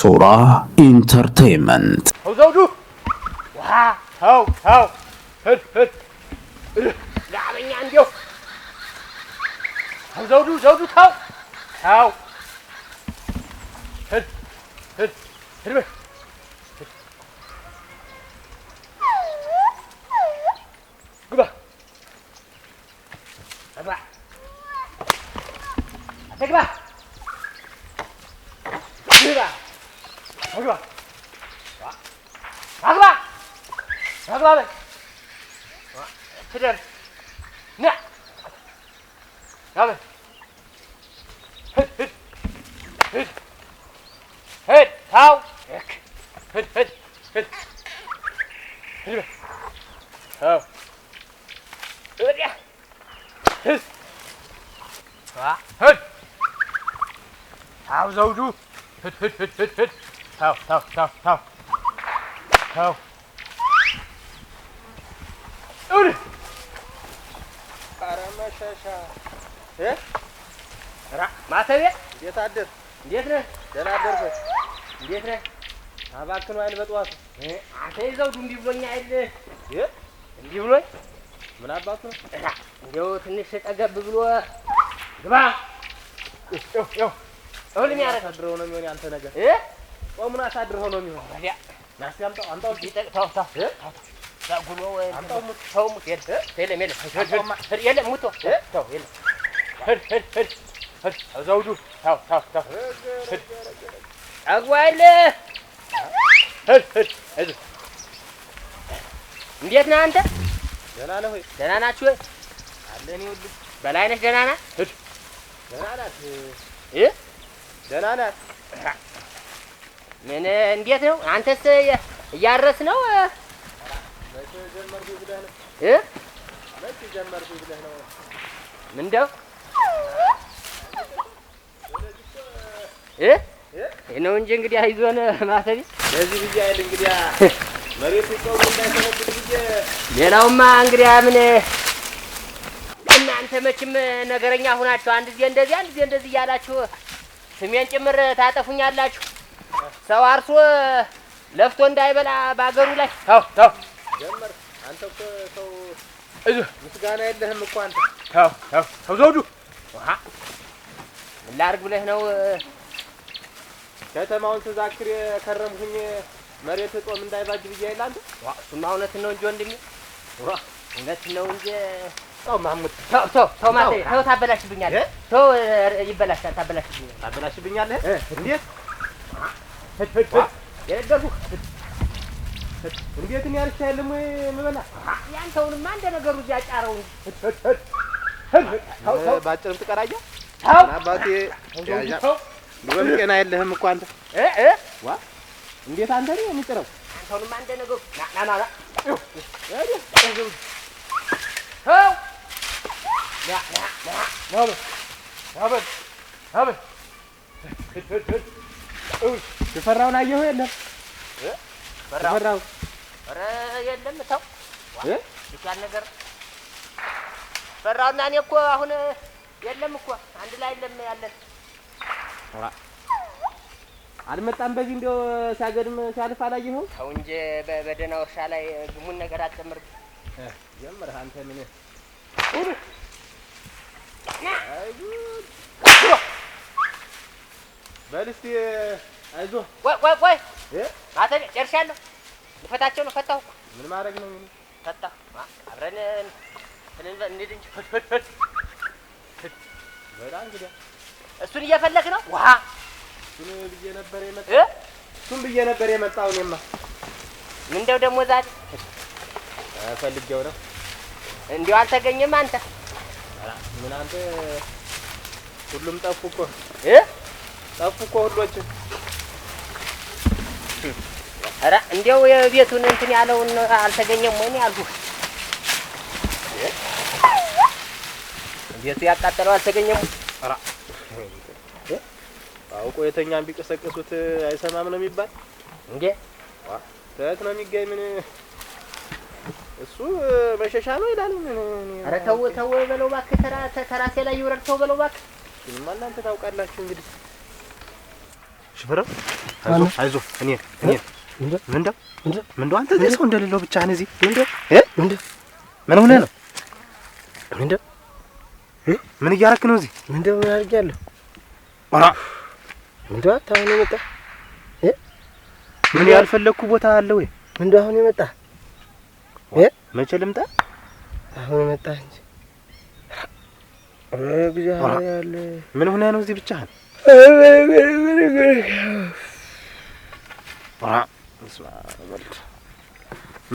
소라 인터테인먼트 어서오루 와 하우 하우 헛헛 라면이 안겨 어서오루 저주 타오 타오 헛헛 여러분 그봐 봐봐 대봐 대봐 રાખવા રાખવા રાખવા આવે Hidden. Ne. Hadi. Hit hit. Hit. Hit. How? Hit hit hit. Hit be. How? Hit ya. Hit. Ha. Hit. How zo do? Hit hit hit hit hit. Thâu, thâu, thâu, thâu. Thâu. Uri! አረመሻሻ ራ ማተቤ እንዴት አደር እንዴት ነህ? ደህና አደርኩ። እንዴት ነህ? አባክኑ አይደል በጠዋቱ አንተ ይዘው እንዲህ ብሎኝ አይደል እንዲህ ብሎኝ ምን አባቱ እንዲያው ትንሽ ጠገብ ብሎ ግባ ው ው ሁሉም ያደረግ ነው የሚሆን ያንተ ነገር ጾሙን አሳድረው ነው የሚሆነው። ታዲያ ናስያምጣው አምጣው ቢጠቅታው ታ አምጣው ሙት ተው ተው የለም ሂድ እንዴት ነህ አንተ? ደህና ነህ ወይ? ደህና ናችሁ ወይ? አለን ይኸውልህ በላይነሽ ደህና ናት። ደህና ናት ደህና ናት ምን እንዴት ነው? አንተስ እያረስ ነው? ምንደው ነው እንጂ እንግዲህ አይዞን ማሰቢ በዚህ ብዬ አይደል እንግዲህ መሬቱ ሰው እንዳይሰነብት ብዬ ሌላውማ እንግዲህ ምን እናንተ መቼም ነገረኛ ሁናችሁ አንድ ጊዜ እንደዚህ አንድ ጊዜ እንደዚህ እያላችሁ ስሜን ጭምር ታጠፉኛላችሁ። ሰው አርሶ ለፍቶ እንዳይበላ በአገሩ ላይ ተው ተው ጀመር። አንተ እኮ ሰው እዚሁ ምስጋና የለህም እኮ አንተ። ተው ተው ተው ዘውዱ ውሃ ምን ላድርግ ብለህ ነው ከተማውን ስዛክር የከረምኩኝ መሬት ጦም እንዳይባጅ ብዬ አይደል እሱማ እውነትን ነው እንጂ ወንድሜ እውነት ነው እንጂ ተው ማሙት ተው ተው ተው ማታ ተው ታበላሽብኛለህ። ተው ይበላሻል። ታበላሽብኛለህ ታበላሽብኛለህ እንዴት የነገርኩህ እንዴት ነው ያልሽ? ያለም ወይ የምበላ ያንተውንማ እንደ ነገሩ እዚያ ጫረው ባጭርም ትቀራለህ። አባቴ ድሮም ጤና የለህም እኮ አንተ። ዋ እንዴት አንተ ነው የሚጥረው? ያንተውንማ እንደ ነገሩ ና ና ና ና ና ና የፈራውን አየሁ። የለም ፈራው፣ ኧረ የለም ተው ይቻል ነገር ፈራውና እኔ እኮ አሁን የለም እኮ አንድ ላይ የለም ያለን አልመጣም። በዚህ እንደው ሲያገድም ሲያልፍ አላየኸው? ተው እንጂ በደህና እርሻ ላይ ግሙን ነገር አትጨምርም። ጀምረህ አንተ ምን በል እስኪ አይዞህ። ቆይ ቆይ ቆይ ማተሚያ ጨርሻለሁ። ልፈታቸው ነው። ፈታሁ እኮ ምን ማድረግ ነው? ምን ፈታሁ? አብረን እንሂድ እንጂ በጣም እንግዲያ እሱን እየፈለግ ነው። ውሃ እሱን ብዬ ነበር የመጣሁ እሱን ብዬ ነበር የመጣሁ እኔማ እንደው ደግሞ ዛሬ ፈልጌው ነው እንዲሁ አልተገኘም። አንተ ምን አንተ ሁሉም ጠፉ እኮ ጠፉ እኮ ሁሎች። ኧረ እንዲያው የቤቱን እንትን ያለውን አልተገኘም ወይ ነው ቤቱ ያቃጠለው አልተገኘም። ኧረ አውቆ የተኛን ቢቀሰቅሱት አይሰማም ነው የሚባል እንዴ? ተት ነው የሚገኝ ምን እሱ መሸሻ ነው ይላል። ኧረ ተው ተው በለው እባክህ፣ ተራሴ ላይ ይውረድ ተው በለው እባክህ። እሱንማ እናንተ ታውቃላችሁ እንግዲህ ሽፈራ አይዞህ አይዞህ። እኔ እኔ ምንድን ምንድን አንተ እዚህ ሰው እንደሌለው ብቻህን እዚህ ምንድን ምን ሆነህ ነው? ምንድን ምን እያደረክ ነው እዚህ? ምንድን ምን አድርጌያለሁ? ኧረ ምንድን አንተ አሁን የመጣ ምን ያልፈለግኩ ቦታ አለ ወይ? ምንድን አሁን የመጣ መቼ ልምጣ? አሁን የመጣ እንጂ ምን ሆነህ ነው እዚህ ብቻህን?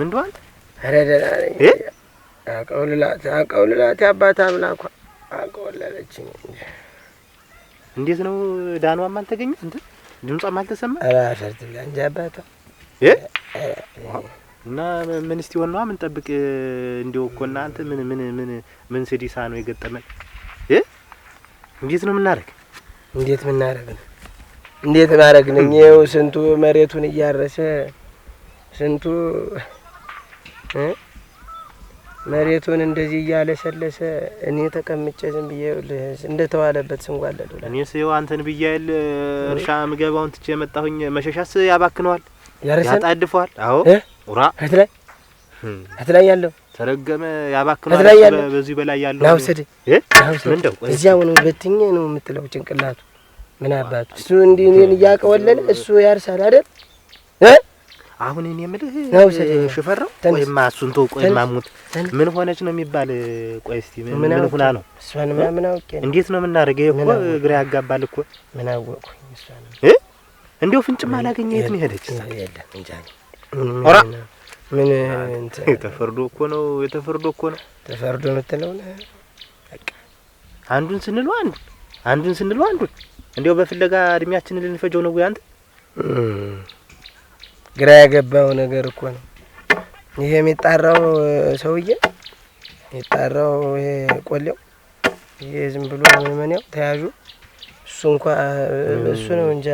ምንድን ኧረ ደህና ነኝ። አቀውልላት አቀውልላት አባት አምላኳ አቀወለለችኝ። እንዴት ነው ዳኗም አልተገኘ እንትን ድምጿም አልተሰማ። ኧረ አፈር እንጂ አባቷ እና ምን እስቲ ሆነዋ ምን ጠብቅ እኮ እናንተ ምን ምን ምን ምን ስዲሳ ነው የገጠመን። እንዴት ነው የምናደርግ? እንዴት ምናረግ ነው? እንዴት ማረግ ነው? ይኸው ስንቱ መሬቱን እያረሰ ስንቱ መሬቱን እንደዚህ እያለሰለሰ እኔ ተቀምጬ ዝም ብዬ እንደተዋለበት ስንጓለል ብላ እኔ ስው አንተን ብዬ አይደል እርሻ ምገባውን ትቼ መጣሁኝ። መሸሻስ ያባክነዋል፣ ያጣድፈዋል። አዎ ራ እህት ላይ እህት ላይ ያለው ተረገመ ያባክናል። በዚህ በላይ ያለው ነው እህ ምንድነው? እዚያ ሆነ ሁለተኛ ነው የምትለው ጭንቅላቱ ምን አባቱ እሱ እንዲህ እኔን እያቀወለለ እሱ ያርሳል አይደል? አሁን እኔ የምልህ ሽፈራው፣ ቆይማ እሱን ተው። ቆይማ ማሙት ምን ሆነች ነው የሚባል? ቆይ እስቲ ምን ሁና ነው? እሷን ምን አውቄ እንዴት ነው የምናደርገው? ይሄ እኮ እግሬ ያጋባል እኮ። ምን አወቅኩኝ? እሷን እንዲያው ፍንጭም አላገኘ የት ነው ሄደች? ኦራ ምን ተፈርዶ እኮ ነው የተፈርዶ እኮ ነው ተፈርዶ የምትለው አንዱን ስንለው አንዱ አንዱን ስንለው አንዱ እንዲያው በፍለጋ እድሜያችንን ልንፈጀው ነው ወይ አንተ? ግራ ያገባው ነገር እኮ ነው ይሄ የሚጣራው ሰውዬ የጣራው ይሄ ቆሌው ይሄ ዝም ብሎ ምን ምን ምንመንያው ተያዡ እሱ እንኳ እሱ ነው እንጃ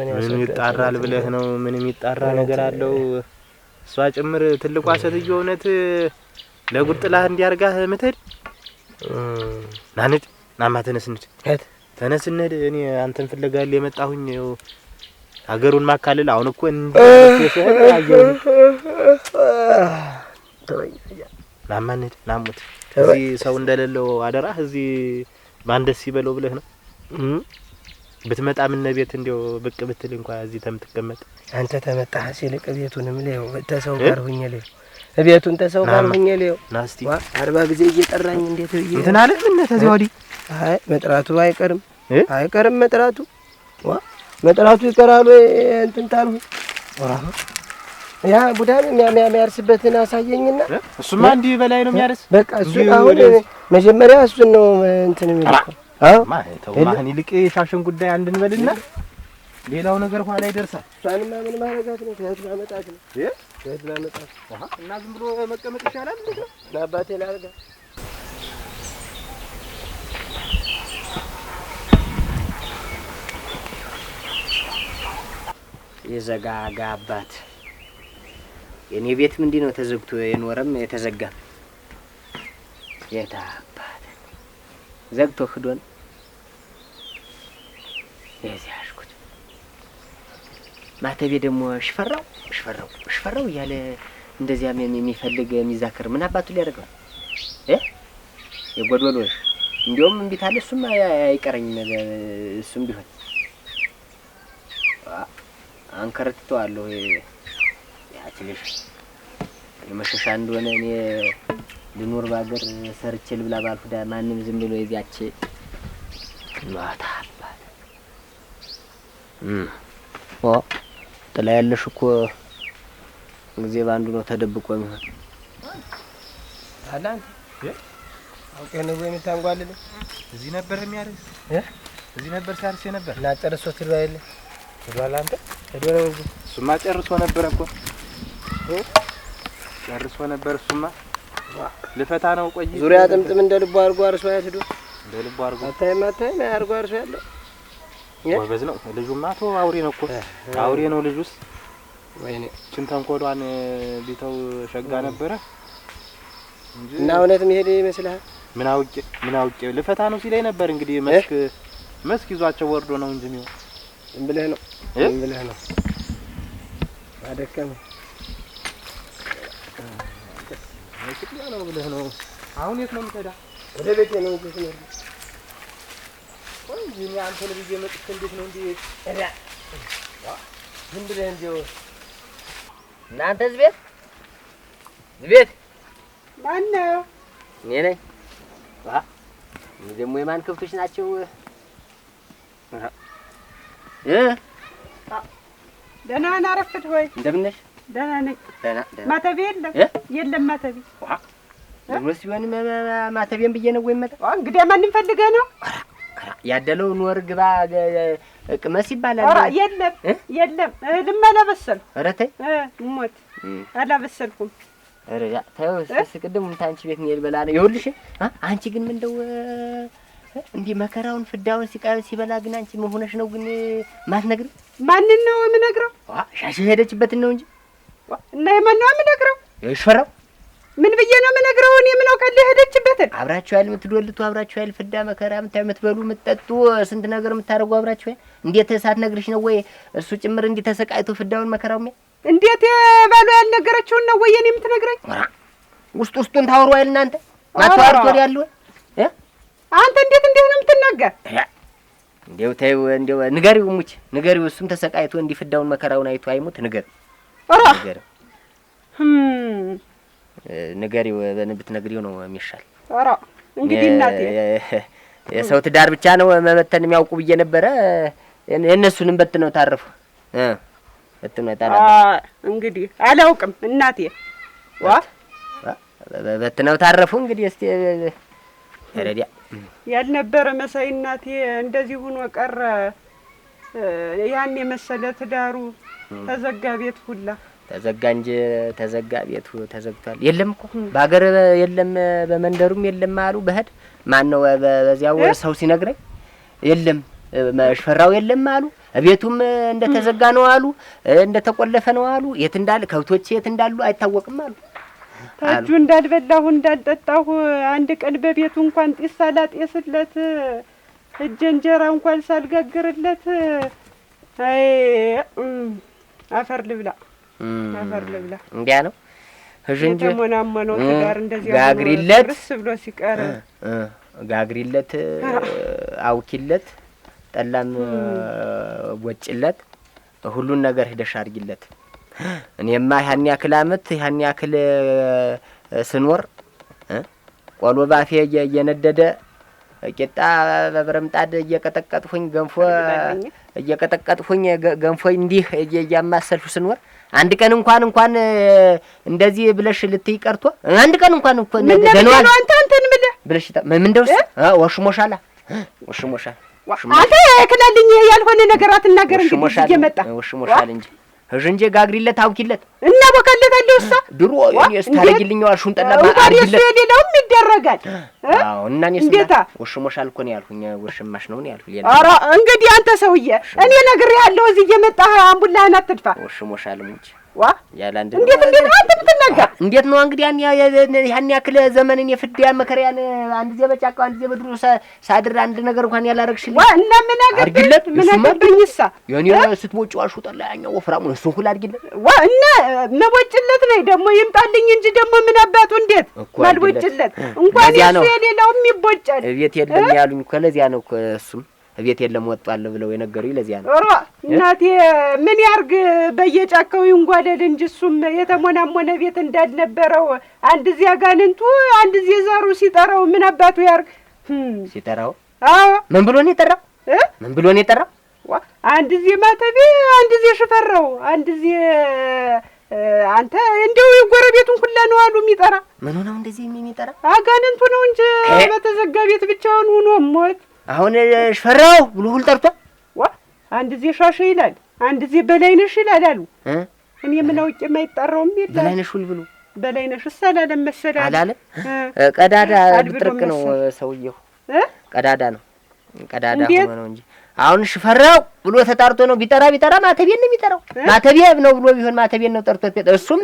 ምን ይጣራል ብለህ ነው ምንም ይጣራ ነገር አለው እሷ ጭምር ትልቋ ሴትዮ እውነት ለጉድ ጥላህ እንዲያርጋህ ምትሄድ ናንድ ናማ ተነስንድ ተነስንድ እኔ አንተን ፍለጋል የመጣሁኝ ሀገሩን ማካለል አሁን እኮ ናማንድ ናሙት እዚህ ሰው እንደሌለው አደራህ። እዚህ ማን ደስ ይበለው ብለህ ነው ብትመጣ ምነ ቤት እንዲያው ብቅ ብትል እንኳ እዚህ ተምትቀመጥ አንተ ተመጣህ ሲልቅ ቤቱንም ለው ተሰው ጋር ሁኜ ለው ቤቱን ተሰው ጋር ሁኜ ለው ናስቲ አርባ ጊዜ እየጠራኝ እንዴት ብዬ እንትን አለ ምን ተዚህ ወዲህ አይ መጥራቱ አይቀርም አይቀርም መጥራቱ ዋ መጥራቱ ይቀራሉ እንትን ታልሁ ወራሁ ያ ቡዳን የሚያርስበትን አሳየኝና እሱማ እንዲህ በላይ ነው የሚያርስ በቃ እሱ አሁን መጀመሪያ እሱን ነው እንትን የሚልከው ማህን ይልቅ የሻሽን ጉዳይ አንድንበልና ሌላው ነገር ኋላ ይደርሳል። እሷንማ ምን ማረጋት ነው? ከህት ማመጣት ነው ከህት ማመጣት እና ዝም ብሎ መቀመጥ ይሻላል። ልጅ ነው ለአባቴ ላርጋ የዘጋጋ አባት የእኔ ቤት ምንድን ነው ተዘግቶ የኖረም የተዘጋም የታ ዘግቶ ክዶን የዚያ ያሽኩት ማተቤ ደግሞ ሽፈራው ሽፈራው ሽፈራው እያለ እንደዚያ የሚፈልግ የሚዛክር ምን አባቱ ሊያደርገው የጎዶሎሽ እንዲሁም እምቢ ታለ። እሱማ አይቀረኝ እሱም ቢሆን አንከረትተዋለሁ ትንሽ የመሸሻ እንደሆነ እኔ በቅርብ ባገር ሰርቼ ልብላ ባልኩ ማንም ዝም ብሎ የዚያቼ ማታ አባት ኦ ጥላ ያለሽ እኮ ጊዜ በአንዱ ነው ተደብቆ የሚሆን አላንተ አውቄ ነው ወይ የምታንጓልል? እዚህ ነበር የሚያርስ እዚህ ነበር ሲያርስ ነበር እና ጨርሶ ይሏ የለ ይሏል አንተ ሄዶ እሱማ ጨርሶ ነበር እኮ ጨርሶ ነበር እሱማ ልፈታ ነው። ቆይ ዙሪያ ጥምጥም እንደ ልቡ አድርጎ አርሶ ያስዱ እንደ ልቡ አድርጎ አታይም፣ አታይም አድርጎ አርሶ ያለው ጎበዝ ነው። ልጁማ ቶ አውሬ ነው እኮ አውሬ ነው ልጁስ። ወይኔ ችን ተንኮሏን ቢተው ሸጋ ነበረ እና እውነት ይሄድ ይመስልሃል? ምን አውቄ ምን አውቄ ልፈታ ነው ሲለኝ ነበር። እንግዲህ መስክ መስክ ይዟቸው ወርዶ ነው እንጂ ነው ዝም ብለህ ነው ዝም ብለህ ነው አደከመ ሽቅያ ነው ብለህ ነው። አሁን የት ነው የምትሄዳ? ወደ ቤቴ ነው እኔ አንተን ብዬ መጥቼ እንዴት ነው እንዴ? እዳ ዝም ብለህ እንዲው እናንተ እኔ ነኝ። እኔ ደግሞ የማን ከብቶች ናቸው? ደህና ሆይ እንደምን ነሽ? ደህና ነኝ። ማተቤ የለም የለም ማተቤ ማተቤን ብዬ ነው ወይ እንግዲህ ማንም ፈልገህ ነው ያደለው ኖር ግባ ቅመስ ይባላል። የለም የለም እህልም አላበሰልኩም። ኧረ ተይ አላበሰልኩም። ኧረ ተይው እስኪ ቅድም ቤት ነው ነው ይኸውልሽ። አንቺ ግን እንዲህ መከራውን ፍዳውን ሲበላ ግን አንቺ መሆነሽ ነው ግን ማትነግሪው ማንን ነው የምነግረው? ሻሽ ሄደችበትን ነው እንጂ እና የማን ነው የምነግረው? የሽፈራው ምን ብዬ ነው የምነግረው? እኔ ምን አውቃለሁ? የሄደችበትን አብራችሁ ያል የምትዶልቱ አብራችሁ ያል ፍዳ መከራ የምታይ የምትበሉ የምትጠጡ ስንት ነገር የምታደርጉ አብራችሁ ያል እንዴት ነግርሽ ነው ወይ እሱ ጭምር እንዲህ ተሰቃይቶ ፍዳውን መከራው ሚያ እንዴት የባሏ ያልነገረችውን ነው ወይ እኔ የምትነግረኝ? ውስጥ ውስጡን ታወሩ አይደል እናንተ ማታወርቶ ያለ አንተ እንዴት እንዴት ነው የምትናገር? እንዴው ተይው፣ እንዴው ንገሪው፣ ሙች ንገሪው። እሱም ተሰቃይቶ እንዲህ ፍዳውን መከራውን አይቶ አይሙት ንገሪው ንገሪው ብትነግሪው ነው የሚሻል። እንግዲህ እናቴ የሰው ትዳር ብቻ ነው መበተን የሚያውቁ ብዬ ነበረ። የእነሱንም በት ነው ታረፉ በት ነው ታረፉ። እንግዲህ አላውቅም እናቴ ዋ በት ነው ታረፉ። እንግዲህ እስቲ ረዲያ ያልነበረ መሳይ እናቴ እንደዚህ ሆኖ ቀረ። ያን የመሰለ ትዳሩ ተዘጋ ቤት ሁላ ተዘጋ እንጂ ተዘጋ ቤቱ ተዘግቷል። የለም እኮ በሀገር የለም በመንደሩም የለም አሉ። በህድ ማን ነው በዚያው ሰው ሲነግረኝ የለም መሽፈራው የለም አሉ። ቤቱም እንደ ተዘጋ ነው አሉ። እንደ ተቆለፈ ነው አሉ። የት እንዳል ከብቶች የት እንዳሉ አይታወቅም አሉ። ታጁ እንዳልበላሁ እንዳልጠጣሁ አንድ ቀን በቤቱ እንኳን ጢስ ሳላጤስለት እጀ እንጀራ እንኳን ሳልጋግርለት አይ አፈር ልብላ አፈር ልብላ እንዲያ ነው እንጂ የተሞናመነው ትዳር እንደዚህ ጋግሪለት ርስ ብሎ ሲቀር ጋግሪለት፣ አውኪለት፣ ጠላም ወጭለት፣ ሁሉን ነገር ሂደሽ አድርጊለት። እኔማ ያን ያክል አመት ያን ያክል ስኖር ቆሎ ባፌ እየነደደ ቂጣ በብረምጣድ እየቀጠቀጥሁኝ ገንፎ እየቀጠቀጥኩኝ ገንፎይ እንዲህ እያማሰልሁ ስንወር አንድ ቀን እንኳን እንኳን እንደዚህ ብለሽ ልትይ ቀርቶ አንድ ቀን እንኳን እኮ ደነዋል አንተ አንተን ብለህ ብለሽ ምን ደውስ ወሽሞሻላ ወሽሞሻል አንተ ክላልኝ ያልሆነ ነገር አትናገር። እንግዲህ እየመጣ ወሽሞሻል እንጂ እጅንጄ ጋግሪለት አውኪለት እና ቦከለታለሁ። እሷ ድሮ እኔስ ታረጊልኛዋ ሹን ጠላማ አርጊለት ነው የሌላውም ይደረጋል። አዎ እና እኔስ ጌታ ወሽሞሻል እኮ ነው ያልኩኝ፣ ወሽማሽ ነው ነው ያልኩኝ። ኧረ እንግዲህ አንተ ሰውዬ እኔ ነግሬሃለሁ፣ እዚህ እየመጣህ አምቡላህን አትድፋ። ወሽሞሻል ሙጭ እንዴት ነው እንግዲህ ያን ያን ያክል ዘመንን የፍዳ መከሪያን አንድ ጊዜ በጫካው አንድ ጊዜ በድሩ ሳድር አንድ ነገር እንኳን ያላረግሽልኝ ዋ ምን ነገር ምን ወፍራሙ ነው መቦጭለት ደግሞ ይምጣልኝ እንጂ ደግሞ ምን አባቱ እንዴት ማልቦጭለት እንኳን እሱ ይቦጫል እቤት የለም ያሉኝ እኮ ለዚያ ነው እሱም ቤት የለም ወጧል ብለው የነገሩኝ ለዚያ ነው። ሮ እናቴ ምን ያርግ በየጫካው ይንጓደድ እንጂ እሱም የተሞናሞነ ቤት እንዳልነበረው አንድ እዚያ ጋንንቱ አንድ እዚህ ዘሩ ሲጠራው ምን አባቱ ያርግ ሲጠራው። አዎ ምን ብሎ ነው የጠራው? ምን ብሎ ነው የጠራው? አንድ እዚህ ማተቤ፣ አንድ እዚህ ሽፈራው፣ አንድ እዚህ አንተ እንደው የጎረቤቱን ሁላ ነው አሉ የሚጠራ። ምኑ ነው እንደዚህ የሚጠራ? አጋንንቱ ነው እንጂ በተዘጋ ቤት ብቻውን ሆኖ ሞት አሁን ሽፈራው ብሎ ሁሉ ዋ አንድ ጊዜ ሻሸ ይላል፣ አንድ ጊዜ በላይነሽ ይላል አሉ። እኔ ምን አውቄ የማይጣራውም ይላል በላይነሽ ሁሉ ብሎ በላይነሽ አላለም መሰለህ አላለም። ቀዳዳ ብጥርቅ ነው ሰውየው፣ ቀዳዳ ነው ቀዳዳ ሆኖ ነው እንጂ አሁን ሽፈራው ብሎ ተጣርቶ ነው። ቢጠራ ቢጠራ ማተቤን ነው የሚጠራው። ማተቤ ነው ብሎ ቢሆን ማተቤን ነው ጠርቶ እሱም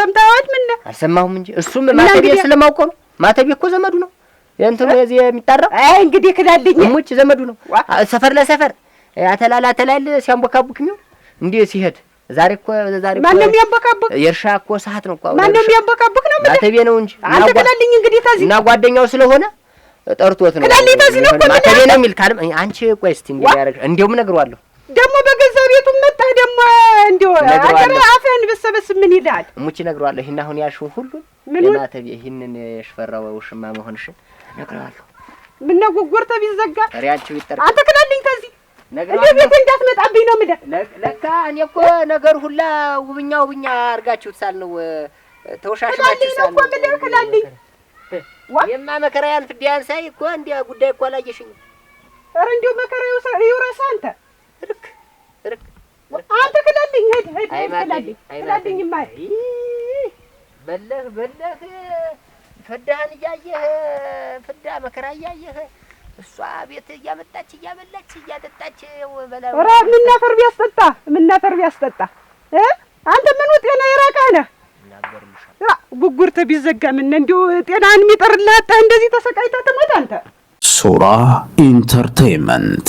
ሰምታዋል። ምን አልሰማሁም እንጂ እሱም ማተቤ ስለማውቀው ነው። ማተቤ እኮ ዘመዱ ነው እንትኑ የዚህ የሚጣራው አይ እንግዲህ ክላልኝ ሙች ዘመዱ ነው። ሰፈር ለሰፈር አተላላ አተላል ሲያንቦካቡክ ነው እንዴ ሲሄድ ዛሬ እኮ ዛሬ ማን ነው የሚያንቦካቡክ? የእርሻ እኮ ሰዓት ነው እኮ ማን ነው የሚያንቦካቡክ ነው ማለት አተቤ ነው እንጂ አንተ ክላልኝ እንግዲህ ታዚህ እና ጓደኛው ስለሆነ ጠርቶት ነው ክላልኝ ታዚህ ነው እኮ አተቤ ነው የሚል ካልም አንቺ ቆይ እስቲ እንዴ ያረግ እንደውም እነግረዋለሁ ደግሞ በገዛ ቤቱ መጣ ደግሞ እንደው አገር አፈን በሰበስ ምን ይላል ሙጭ እነግረዋለሁ። ይሄን አሁን ያልሽውን ምን ማተብ ይሄንን የሽፈራው ውሽማ መሆንሽን እነግረዋለሁ። ምነው ጉጉርተ ቢዘጋ ጥሪያቸው ይጠር አትክለልኝ። ከዚህ እንደ ቤት እንዳትመጣብኝ ነው የምልህ። ለካ እኔ እኮ ነገር ሁላ ውብኛ ውብኛ አድርጋችሁት ሳልነው ተወሻሽማችሁ ሳልነው ምልህ ክለልኝ። የማ መከራያን ፍዲያን ሳይ እኮ እንዲ ጉዳይ እኮ አላየሽኝም። ኧረ እንዲሁ መከራ ይውረሳ አንተ ርክ ርክ አንተ ክለልኝ። ሄድ ሂድ ክለልኝ ክለልኝ። ማ በለህ በለህ ፍዳህን እያየህ ፍዳ መከራ እያየህ እሷ ቤት እያመጣች እያበላች እያጠጣች ኧረ የምናፈር ቢያስጠጣ የምናፈር ቢያስጠጣ አንተ ምኑ ጤና የራቀህ ነህ። ጉጉርት ቢዘጋምና እንዲሁ ጤናን የሚጠርልህ እንደዚህ ተሰቃይታ ትሞት አንተ ሱራ ኢንተርቴንመንት